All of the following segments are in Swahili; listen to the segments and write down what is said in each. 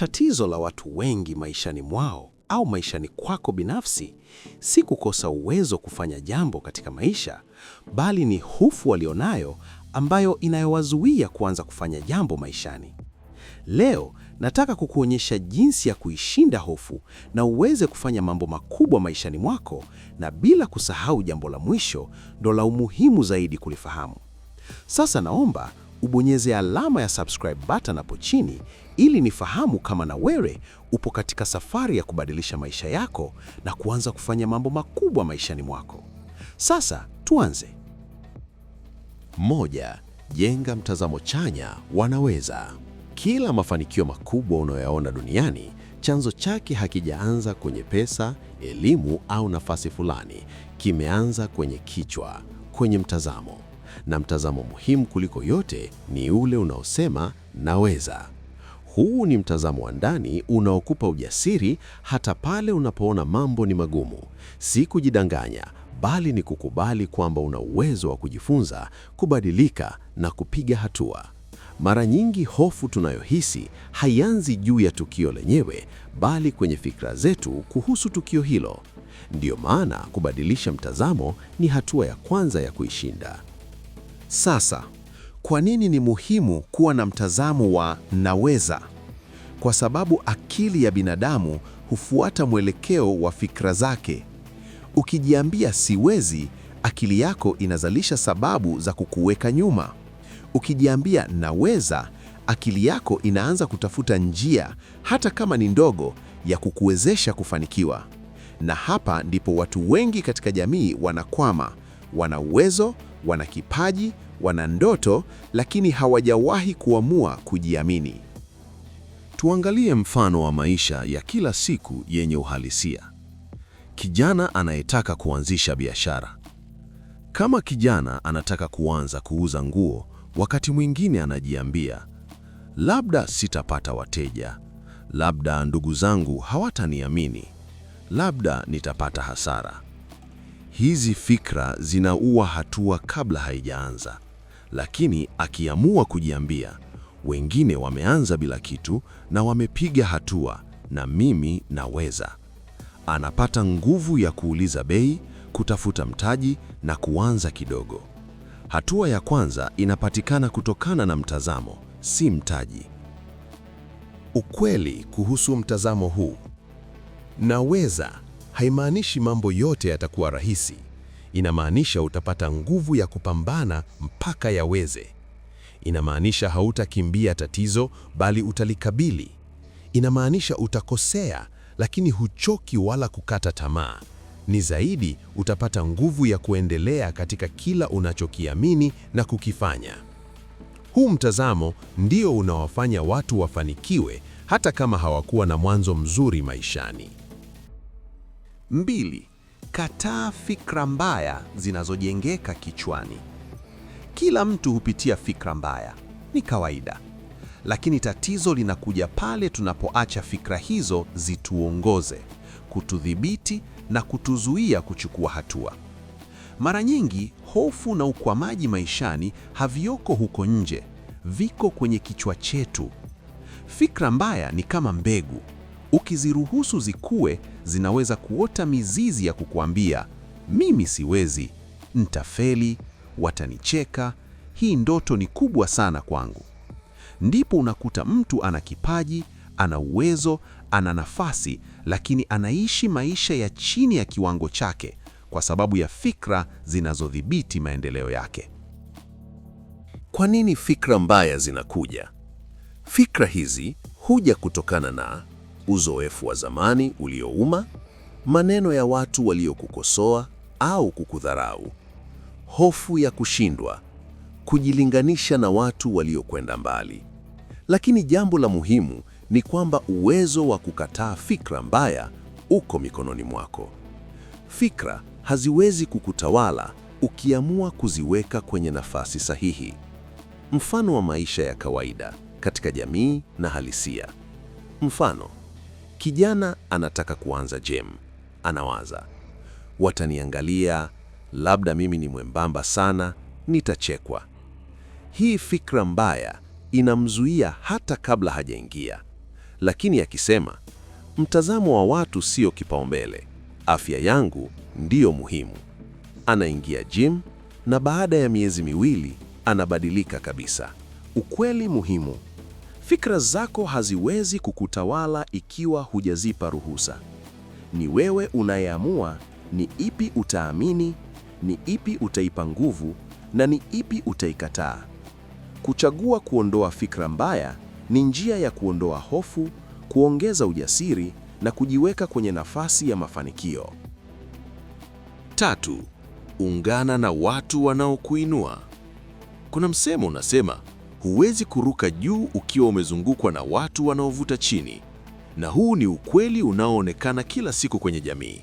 Tatizo la watu wengi maishani mwao au maishani kwako binafsi si kukosa uwezo kufanya jambo katika maisha, bali ni hofu walionayo ambayo inayowazuia kuanza kufanya jambo maishani. Leo nataka kukuonyesha jinsi ya kuishinda hofu na uweze kufanya mambo makubwa maishani mwako, na bila kusahau jambo la mwisho ndo la umuhimu zaidi kulifahamu. Sasa naomba ubonyeze alama ya subscribe button hapo chini ili nifahamu kama na wewe upo katika safari ya kubadilisha maisha yako na kuanza kufanya mambo makubwa maishani mwako. Sasa tuanze. Moja, jenga mtazamo chanya, wanaweza. Kila mafanikio makubwa unayoyaona duniani chanzo chake hakijaanza kwenye pesa, elimu au nafasi fulani. Kimeanza kwenye kichwa, kwenye mtazamo na mtazamo muhimu kuliko yote ni ule unaosema naweza. Huu ni mtazamo wa ndani unaokupa ujasiri hata pale unapoona mambo ni magumu. Si kujidanganya, bali ni kukubali kwamba una uwezo wa kujifunza, kubadilika na kupiga hatua. Mara nyingi hofu tunayohisi haianzi juu ya tukio lenyewe, bali kwenye fikra zetu kuhusu tukio hilo. Ndiyo maana kubadilisha mtazamo ni hatua ya kwanza ya kuishinda. Sasa, kwa nini ni muhimu kuwa na mtazamo wa naweza? Kwa sababu akili ya binadamu hufuata mwelekeo wa fikra zake. Ukijiambia siwezi, akili yako inazalisha sababu za kukuweka nyuma. Ukijiambia naweza, akili yako inaanza kutafuta njia, hata kama ni ndogo, ya kukuwezesha kufanikiwa. Na hapa ndipo watu wengi katika jamii wanakwama. Wana uwezo wana kipaji, wana ndoto, lakini hawajawahi kuamua kujiamini. Tuangalie mfano wa maisha ya kila siku yenye uhalisia. Kijana anayetaka kuanzisha biashara. Kama kijana anataka kuanza kuuza nguo, wakati mwingine anajiambia, labda sitapata wateja, labda ndugu zangu hawataniamini, labda nitapata hasara. Hizi fikra zinaua hatua kabla haijaanza, lakini akiamua kujiambia, wengine wameanza bila kitu na wamepiga hatua, na mimi naweza, anapata nguvu ya kuuliza bei, kutafuta mtaji na kuanza kidogo. Hatua ya kwanza inapatikana kutokana na mtazamo, si mtaji. Ukweli kuhusu mtazamo huu: naweza haimaanishi mambo yote yatakuwa rahisi. Inamaanisha utapata nguvu ya kupambana mpaka yaweze. Inamaanisha hautakimbia tatizo, bali utalikabili. Inamaanisha utakosea, lakini huchoki wala kukata tamaa. Ni zaidi, utapata nguvu ya kuendelea katika kila unachokiamini na kukifanya. Huu mtazamo ndio unawafanya watu wafanikiwe hata kama hawakuwa na mwanzo mzuri maishani. Mbili, kataa fikra mbaya zinazojengeka kichwani. Kila mtu hupitia fikra mbaya, ni kawaida, lakini tatizo linakuja pale tunapoacha fikra hizo zituongoze, kutudhibiti na kutuzuia kuchukua hatua. Mara nyingi hofu na ukwamaji maishani havioko huko nje, viko kwenye kichwa chetu. Fikra mbaya ni kama mbegu Ukiziruhusu zikue, zinaweza kuota mizizi ya kukuambia mimi siwezi, ntafeli, watanicheka, hii ndoto ni kubwa sana kwangu. Ndipo unakuta mtu ana kipaji, ana uwezo, ana nafasi, lakini anaishi maisha ya chini ya kiwango chake kwa sababu ya fikra zinazodhibiti maendeleo yake. Kwa nini fikra mbaya zinakuja? Fikra hizi huja kutokana na uzoefu wa zamani uliouma, maneno ya watu waliokukosoa au kukudharau, hofu ya kushindwa, kujilinganisha na watu waliokwenda mbali. Lakini jambo la muhimu ni kwamba uwezo wa kukataa fikra mbaya uko mikononi mwako. Fikra haziwezi kukutawala ukiamua kuziweka kwenye nafasi sahihi. Mfano wa maisha ya kawaida katika jamii na halisia. Mfano, Kijana anataka kuanza gym. Anawaza, wataniangalia, labda mimi ni mwembamba sana, nitachekwa. Hii fikra mbaya inamzuia hata kabla hajaingia. Lakini akisema, mtazamo wa watu sio kipaumbele, afya yangu ndiyo muhimu, anaingia gym na baada ya miezi miwili anabadilika kabisa. Ukweli muhimu Fikra zako haziwezi kukutawala ikiwa hujazipa ruhusa. Ni wewe unayeamua ni ipi utaamini, ni ipi utaipa nguvu na ni ipi utaikataa. Kuchagua kuondoa fikra mbaya ni njia ya kuondoa hofu, kuongeza ujasiri na kujiweka kwenye nafasi ya mafanikio. Tatu, ungana na watu wanaokuinua. Kuna msemo unasema Huwezi kuruka juu ukiwa umezungukwa na watu wanaovuta chini, na huu ni ukweli unaoonekana kila siku kwenye jamii.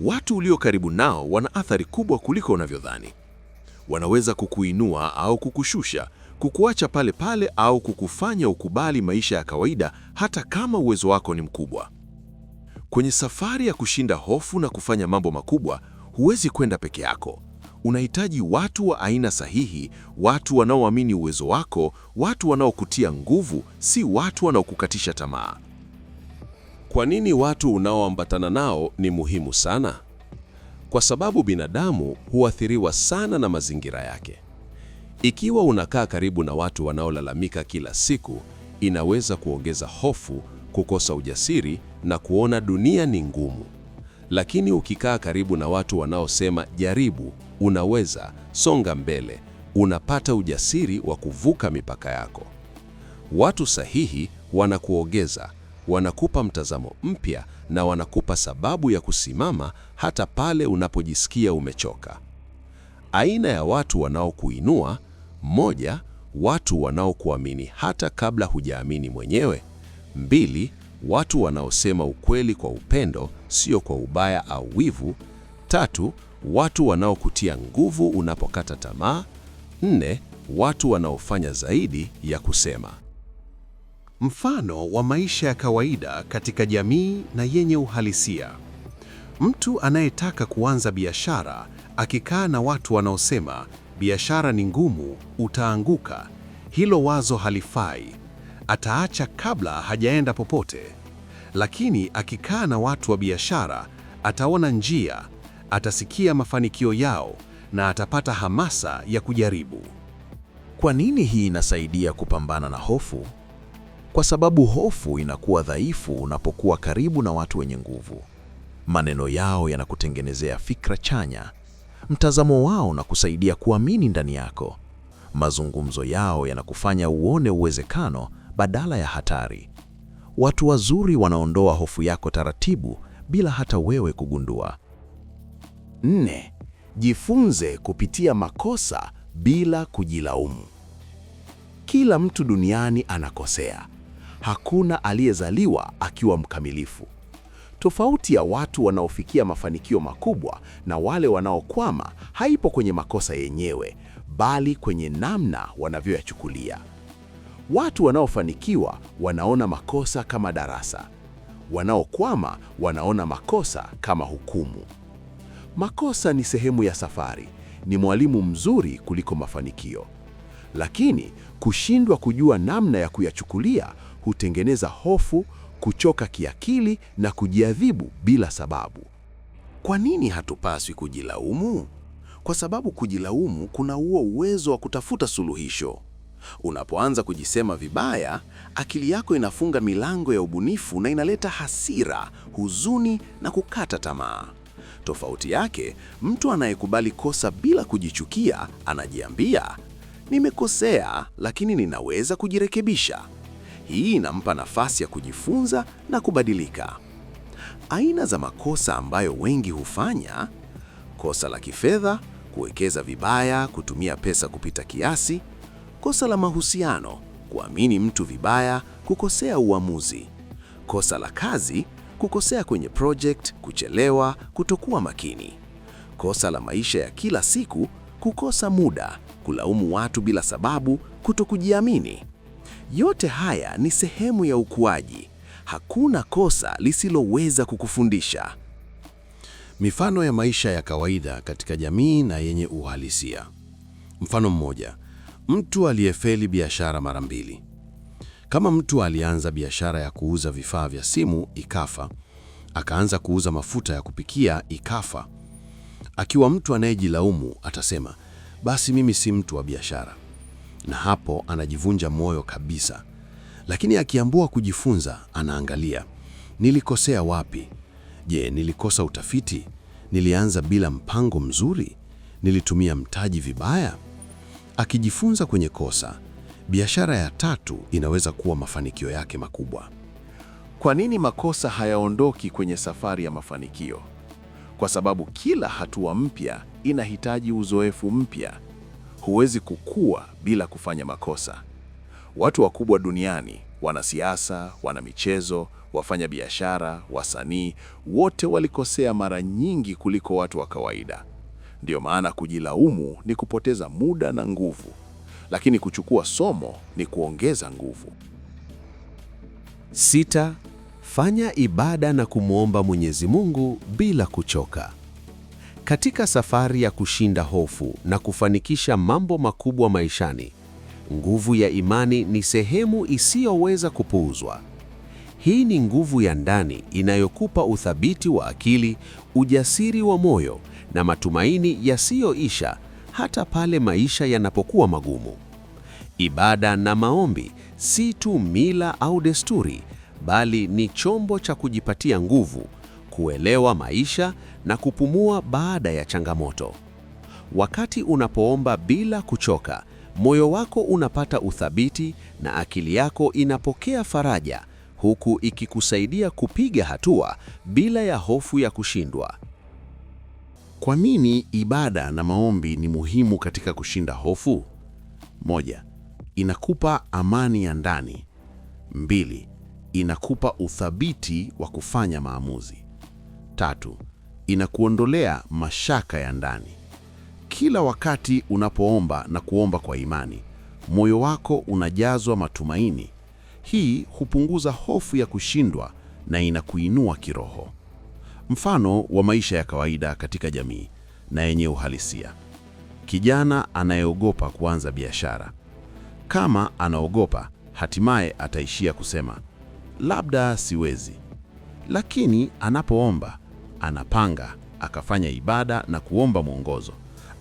Watu ulio karibu nao wana athari kubwa kuliko unavyodhani. Wanaweza kukuinua au kukushusha, kukuacha pale pale au kukufanya ukubali maisha ya kawaida hata kama uwezo wako ni mkubwa. Kwenye safari ya kushinda hofu na kufanya mambo makubwa, huwezi kwenda peke yako. Unahitaji watu wa aina sahihi, watu wanaoamini uwezo wako, watu wanaokutia nguvu, si watu wanaokukatisha tamaa. Kwa nini watu unaoambatana nao ni muhimu sana? Kwa sababu binadamu huathiriwa sana na mazingira yake. Ikiwa unakaa karibu na watu wanaolalamika kila siku, inaweza kuongeza hofu, kukosa ujasiri na kuona dunia ni ngumu. Lakini ukikaa karibu na watu wanaosema jaribu, unaweza, songa mbele, unapata ujasiri wa kuvuka mipaka yako. Watu sahihi wanakuogeza, wanakupa mtazamo mpya na wanakupa sababu ya kusimama hata pale unapojisikia umechoka. Aina ya watu wanaokuinua: moja, watu wanaokuamini hata kabla hujaamini mwenyewe. Mbili, watu wanaosema ukweli kwa upendo, sio kwa ubaya au wivu. Tatu, watu wanaokutia nguvu unapokata tamaa. Nne, watu wanaofanya zaidi ya kusema. Mfano wa maisha ya kawaida katika jamii na yenye uhalisia. Mtu anayetaka kuanza biashara akikaa na watu wanaosema biashara ni ngumu, utaanguka, hilo wazo halifai, ataacha kabla hajaenda popote. Lakini akikaa na watu wa biashara ataona njia atasikia mafanikio yao na atapata hamasa ya kujaribu. Kwa nini hii inasaidia kupambana na hofu? Kwa sababu hofu inakuwa dhaifu unapokuwa karibu na watu wenye nguvu. Maneno yao yanakutengenezea fikra chanya, mtazamo wao na kusaidia kuamini ndani yako. Mazungumzo yao yanakufanya uone uwezekano badala ya hatari. Watu wazuri wanaondoa hofu yako taratibu bila hata wewe kugundua. Nne, jifunze kupitia makosa bila kujilaumu. Kila mtu duniani anakosea. Hakuna aliyezaliwa akiwa mkamilifu. Tofauti ya watu wanaofikia mafanikio makubwa na wale wanaokwama haipo kwenye makosa yenyewe, bali kwenye namna wanavyoyachukulia. Watu wanaofanikiwa wanaona makosa kama darasa. Wanaokwama wanaona makosa kama hukumu. Makosa ni sehemu ya safari, ni mwalimu mzuri kuliko mafanikio. Lakini kushindwa kujua namna ya kuyachukulia hutengeneza hofu, kuchoka kiakili na kujiadhibu bila sababu. Kwa nini hatupaswi kujilaumu? Kwa sababu kujilaumu kunaua uwezo wa kutafuta suluhisho. Unapoanza kujisema vibaya, akili yako inafunga milango ya ubunifu na inaleta hasira, huzuni na kukata tamaa. Tofauti yake, mtu anayekubali kosa bila kujichukia anajiambia, nimekosea lakini ninaweza kujirekebisha. Hii inampa nafasi ya kujifunza na kubadilika. Aina za makosa ambayo wengi hufanya: kosa la kifedha, kuwekeza vibaya, kutumia pesa kupita kiasi; kosa la mahusiano, kuamini mtu vibaya, kukosea uamuzi; kosa la kazi, kukosea kwenye project, kuchelewa, kutokuwa makini. Kosa la maisha ya kila siku, kukosa muda, kulaumu watu bila sababu, kutokujiamini. Yote haya ni sehemu ya ukuaji. Hakuna kosa lisiloweza kukufundisha. Mifano ya maisha ya kawaida katika jamii na yenye uhalisia. Mfano mmoja, mtu aliyefeli biashara mara mbili. Kama mtu alianza biashara ya kuuza vifaa vya simu ikafa, akaanza kuuza mafuta ya kupikia ikafa, akiwa mtu anayejilaumu atasema, basi mimi si mtu wa biashara, na hapo anajivunja moyo kabisa. Lakini akiambua kujifunza, anaangalia nilikosea wapi? Je, nilikosa utafiti? Nilianza bila mpango mzuri? Nilitumia mtaji vibaya? Akijifunza kwenye kosa Biashara ya tatu inaweza kuwa mafanikio yake makubwa. Kwa nini makosa hayaondoki kwenye safari ya mafanikio? Kwa sababu kila hatua mpya inahitaji uzoefu mpya. Huwezi kukua bila kufanya makosa. Watu wakubwa duniani, wanasiasa, wanamichezo, wafanya biashara, wasanii, wote walikosea mara nyingi kuliko watu wa kawaida. Ndiyo maana kujilaumu ni kupoteza muda na nguvu lakini kuchukua somo ni kuongeza nguvu. Sita, fanya ibada na kumwomba Mwenyezi Mungu bila kuchoka. Katika safari ya kushinda hofu na kufanikisha mambo makubwa maishani, nguvu ya imani ni sehemu isiyoweza kupuuzwa. Hii ni nguvu ya ndani inayokupa uthabiti wa akili, ujasiri wa moyo na matumaini yasiyoisha hata pale maisha yanapokuwa magumu. Ibada na maombi si tu mila au desturi, bali ni chombo cha kujipatia nguvu, kuelewa maisha na kupumua baada ya changamoto. Wakati unapoomba bila kuchoka, moyo wako unapata uthabiti na akili yako inapokea faraja, huku ikikusaidia kupiga hatua bila ya hofu ya kushindwa. Kwa nini ibada na maombi ni muhimu katika kushinda hofu? Moja, inakupa amani ya ndani. Mbili, inakupa uthabiti wa kufanya maamuzi. Tatu, inakuondolea mashaka ya ndani. Kila wakati unapoomba na kuomba kwa imani, moyo wako unajazwa matumaini. Hii hupunguza hofu ya kushindwa na inakuinua kiroho mfano wa maisha ya kawaida katika jamii na yenye uhalisia. Kijana anayeogopa kuanza biashara, kama anaogopa, hatimaye ataishia kusema labda siwezi. Lakini anapoomba, anapanga, akafanya ibada na kuomba mwongozo,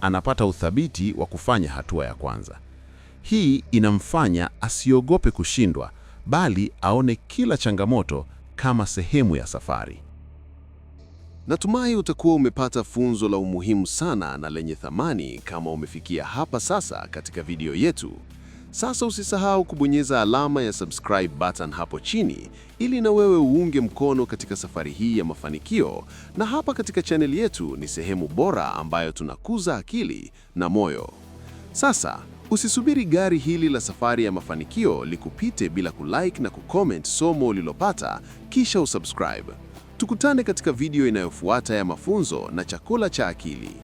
anapata uthabiti wa kufanya hatua ya kwanza. Hii inamfanya asiogope kushindwa, bali aone kila changamoto kama sehemu ya safari. Natumai utakuwa umepata funzo la umuhimu sana na lenye thamani kama umefikia hapa sasa katika video yetu. Sasa usisahau kubonyeza alama ya subscribe button hapo chini ili na wewe uunge mkono katika safari hii ya mafanikio. Na hapa katika chaneli yetu ni sehemu bora ambayo tunakuza akili na moyo. Sasa usisubiri gari hili la safari ya mafanikio likupite bila kulike na kucomment somo ulilopata, kisha usubscribe. Tukutane katika video inayofuata ya mafunzo na chakula cha akili.